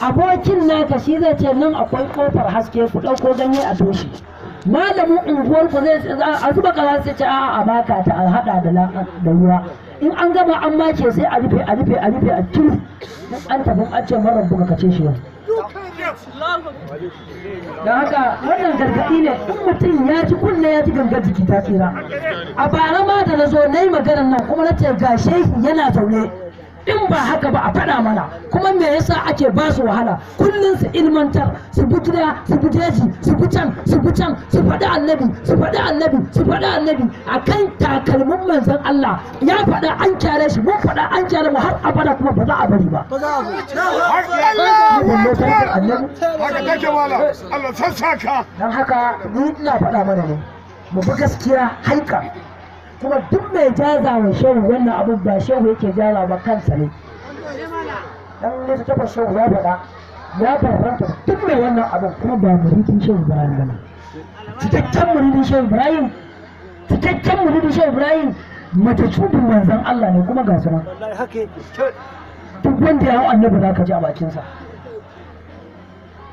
abokin naka shi zai ce nan akwai kofar haske ku ɗauko ganye a toshe malamin unguwar ku zai a zuba kaza sai ce a'a a baka ta a hada da da ruwa in an gama an make sai a rufe a rufe a rufe a tun an tafi an ce marar buga kace shi wani. da haka wannan gargaɗi ne in mutum ya ci kunna, ya ci gangar jiki ta tsira a bara ma da na zo na yi maganar nan kuma na ce gashe yana zaune in ba haka ba a faɗa mana kuma me yasa ake ba su wahala kullum su ilmantar su bi gida su bi daji su bi can su bi can su faɗi annabi su faɗi annabi su faɗi annabi akan takalmin manzon Allah ya faɗa an kyare shi mun faɗa an kyare mu har abada kuma ba za a bari ba dan haka ni ina faɗa mana ne mu bi gaskiya haika kuma duk mai jaza wa shehu wannan abin ba shehu yake jaza ba kansa ne dan ta tabbas shehu ya faɗa ya farfanta duk mai wannan abin kuma ba muridin shehu ibrahim ba ne cikakken muridin shehu ibrahim cikakken muridin shehu ibrahim mace cubin manzon allah ne kuma ga suna duk wanda ya annabi za ka ji a bakinsa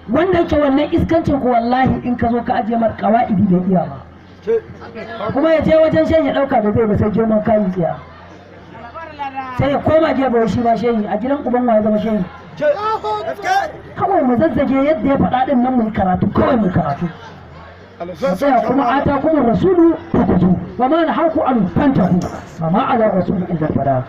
wanda yake wannan iskancin ko wallahi in ka zo ka ajiye mar kawa'idi da iya ba kuma ya je wajen shan ya ɗauka da zai ba sai girman kayi tsiya sai ya koma giya ba shi ba shehi a gidan uban wa ya zama shehi kawai mu zazzage yadda ya faɗa ɗin nan mu karatu kawai mu karatu sai kuma ata kuma rasulu ta kuzu wa ma na haku an fanta ku ma ala rasulu illa fara